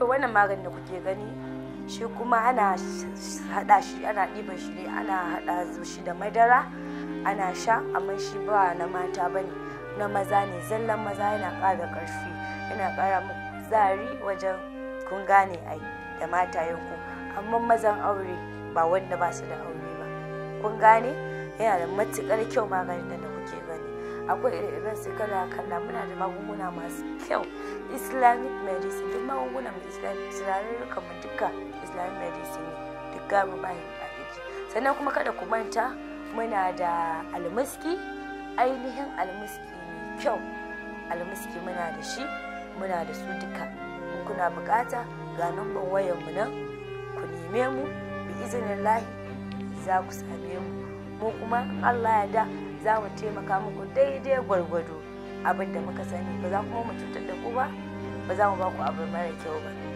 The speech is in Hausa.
to wannan maganin da kuke gani shi kuma ana hada shi ana ɗiban shi ne ana hada shi da madara ana sha amma shi ba na mata bane na maza ne zallan maza yana ƙara ƙarfi yana ƙara zari wajen kun gane ai da matayenku amma mazan aure ba wanda ba su da aure ba kun gane yana da matukar kyau maganin da kuke gani akwai irin su kala-kala muna da magunguna masu kyau islamic medicine duk magungunan mai islamic turarurrukan mu duka islamic medicine duk gamu bayan abinci sannan kuma kada ku manta muna da almuski ainihin almuski mai kyau almuski muna da shi muna da su duka kuna bukata ga namban wayan mu nan ku neme mu bi izinin lahi za ku same mu mu kuma Allah ya da za mu taimaka muku daidai gwargwado abin da muka sani ba za kuma mu cutar da ku ba ba za mu ba ku abu mara kyau ba